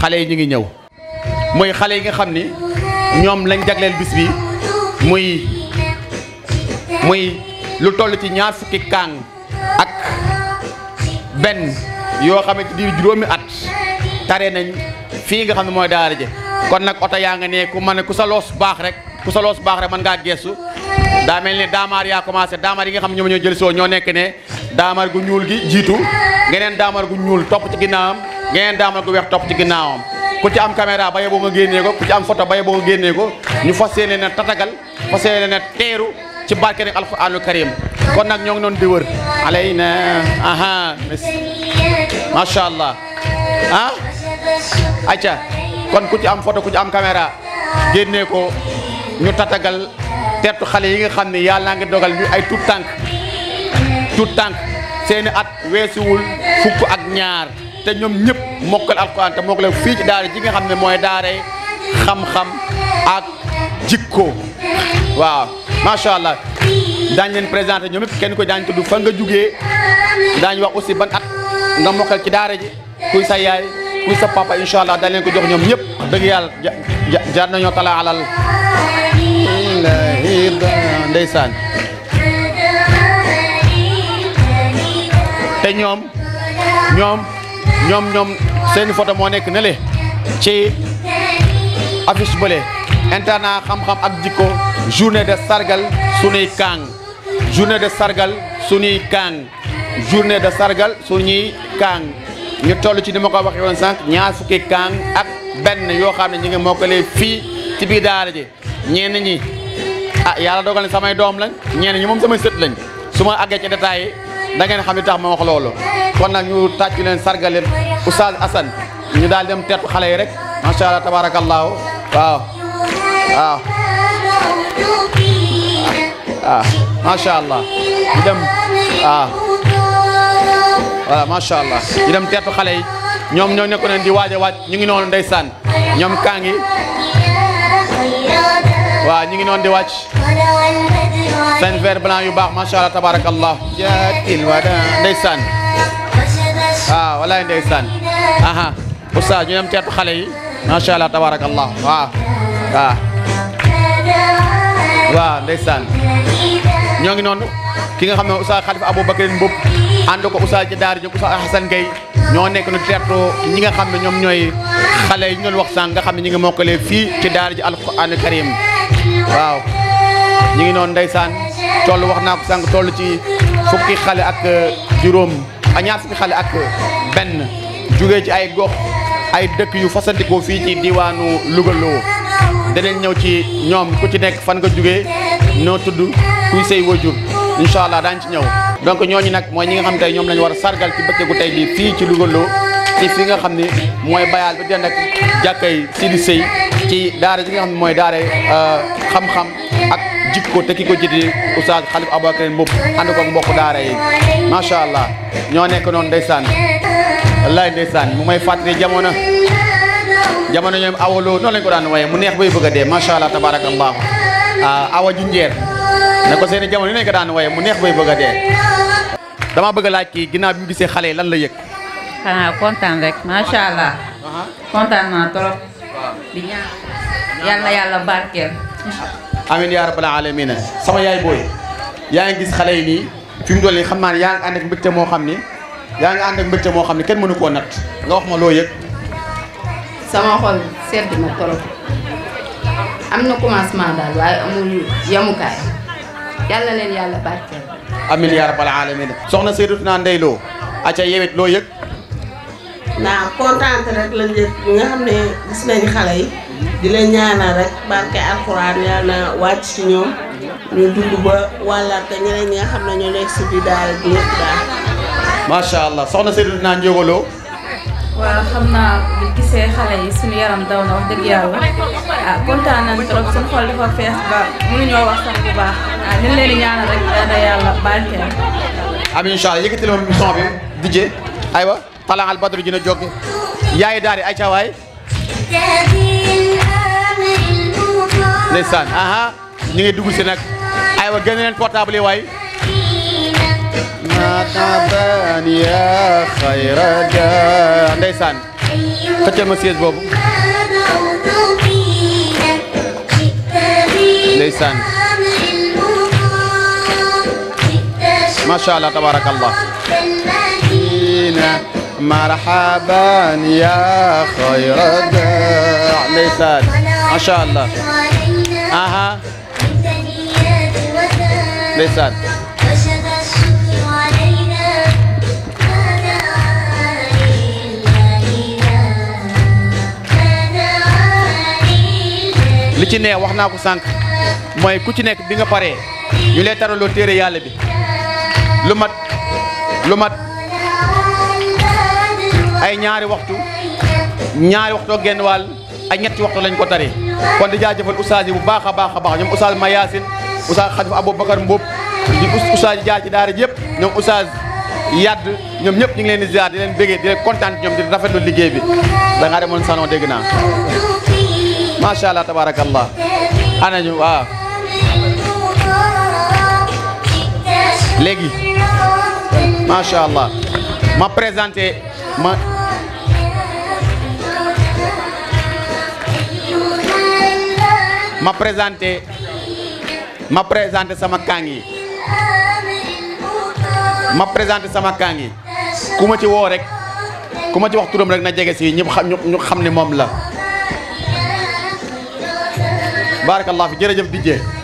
xalé yi ñi ngi ñew moy xalé yi nga xamni ñom lañ jaglél bis bi moy moy lu toll ci ñaar fukki kang ak ben yo xamé ci dir juroomi at taré nañ fi nga xamni moy daara ji kon nak auto ya nga ne ku mané ku sa los bax rek ku sa los bax rek man nga gessu da melni damar ya commencé damar yi nga xamni ñoo ñoo jël so ñoo nekk né damar gu ñuul gi jitu geneen damar gu ñuul top ci ginaam ngeen daamal gu weex topp ci ginnaawam ku ci am caméra ba yeboo nga génnee ko ku ci am photo ba yeboo nga génnee ko ñu fas yéene ne tatagal fas yéene ne teeru ci barke rek alquraanul karim kon nag ñoo ngi noonu di wër na macha allah ah acca kon ku ci am photo ku ci am caméra génnee ko ñu tatagal tertu xale yi nga xam ne yàlla ngi dogal ñu ay tuut tànk tuut tànk seeni at weesuwul fukk ak ñaar te ñoom ñëpp mokkal alquran te mokkal fii ci daara ji nga xam ne mooy daare xam-xam ak jikko waaw macha allah daañ leen présenté ñoom ñëpp kenn ko daañ tudd fan nga jugee daañ wax aussi ban at nga mokkal ci daara ji kuy sa yaay kuy sa pa incha allah daañ leen ko jox ñoom ñëpp dëgg yàlla jaar nañoo tala alal ndeysaan te ñoom ñoom ñoom seeni photo moo nekk ne le ci affiche bële internat xam-xam ak jikko journée de sargal suñuy kaang journée de sargal suñuy kaang journée de sargal suñuy kaang ñu toll ci ni ma ko waxee woon sànq ñaar fukki kaang ak benn yoo xam ne ñu ngi fii ci biir daara ji ñenn ñi ah yàlla dogal samay doom lañ ñenn ñi moom samay sët lañ su ma àggee ci détails da ngeen xam ne tax ma wax loolu kon nag ñu tàccu leen sargal leen Oustaz Assane ñu daal dem teetu xale yi rek macha allah tabaarakallaahu waaw waaw allah ñu dem waaw voilà macha allah ñu dem teetu xale yi ñoom ñoo nekkoon di waaj waaj ñu ngi noonu ndeysaan ñoom kaa waaw ñu ngi noonu di wàcc seen vert blanc yu baax macha allah tabarakallah jaatil wada ndeysaan waaw walaay ndeysaan aha oustaz ñu dem teetu xale yi macha allah tabarakallah waaw waaw waaw ndeysaan ñoo ngi noonu ki nga xam ne oustaz Xalifa Aboubacar Mboup ànd ko oustaz ci daara ji oustaz Hassan ñoo nekk nu teertu ñi nga xam ne ñoom ñooy xale yi ñu doon wax nga xam ne ñu ngi mokkalee fii ci daara ji alquran karim waaw ñu ngi noonu ndeysaan toll wax naa ko sànq tollu ci fukki xal ak euh, juróom a fukki xale ak benn jugee ci ay gox ay dëkk yu fasantikoo fii ci diwaanu Louga loo ñëw ci ñoom ku ci nekk fan nga jugee noo tudd kuy say wajur incha allah daañu ci ñëw donc ñooñu nag mooy ñi nga xam tey ñoom la war a sargal ci bëccëgu tey bi fii ci Louga loo ci fi nga xam ni mooy bayaal bu den ak jàkkay di Seye ci daara ji nga xam mooy daara euh, xam-xam ak jikko te ki ko jiti oustaz Xalif Ababacar Mboup ànd ko mbokk daara yi macha allah ñoo nekk noonu ndeysaan wallaay ndeysaan mu may fàttali jamono jamono ñoom awaloo noonu lañ daan waaye mu neex bay bëgg a dee macha allah tabarakallahu euh, awa junjeer ne ko seeni jamono yi lañ ko daan waaye mu neex bay bëgg a dee dama bëgg laaj kii ginnaaw bi mu gisee xale yi lan la yëg kontaan rek macha allah kontaan naa trop di ñaan yal yàlla barkeel. amiin yaa rabbal aalamiina sama yaay booy yaa ngi gis xale yi nii fi mu doon nii xam naa ne yaa ngi ànd ak mbégte moo xam ni yaa ngi ànd ak mbégte moo xam ni kenn mënu koo natt nga wax ma loo yëg. sama xol sedd na trop am na commencement daal waaye amul yemukaay yàlla leen yàlla barkeel. amiin yaa rabbal aalamiina soxna Seydou Ndeye Lo acca yewit loo yëg. ndax kontaante rek lañ nga xam ne gis nañ xale yi di leen ñaanal rek barke alxuraan yal na wàcc ci ñoom ñu dund ba wàllaat ko ñeneen ñi ñoo nekk si biir daal bi ñëpp allah soxna Seydou dinaa njëgaloo. waaw xam naa bi xale yi suñu yaram daw na wax dëgg yàlla ah kontaan nañ trop suñu xol dafa fees ba mënuñoo wax sax bu baax ah leen di rek da yàlla barkeel. amiin incha allah yëkkati la ma mission bi DJ aywa. طلع البدر جينا جوكي يا داري اي شاواي لسان اها نيغي دوغو سي نك ايوا غن لين بورتابل واي ما تبان يا خير جا ديسان تاتي مسيس بوبو ليسان ما شاء الله تبارك الله مرحبا يا خير داع لسان ما شاء الله اها لسان li ci ne wax naa ko sànq mooy ku ci nekk bi nga paree ñu lay taraloo téere yàlla bi lu mat lu mat ay ñaari waxtu ñaari waxtu ak genn wàll ñetti waxtu lañ ko tari kon di jaajëfal oustaz yi bu baax a baax a baax ñoom oustaz Mayasin oustaz Xalifa Aboubacar Mboup di oustaz jaar ci daara yëpp ñoom oustaz yadd ñoom ñëpp ñu ngi jaar di ziar di di leen kontaan ñoom di rafetlu liggéey bi da ngaa demoon salon dégg naa macha allah tabaarakallah anañu waaw léegi ma présenté. ma ma présenté ma présenté sama kaang yi ma présenté sama kaang yi ma ci woo rek ku ma ci wax turam rek na jege si ñëpp xam ñu xam ne moom la barakallah fi jërëjëf DJ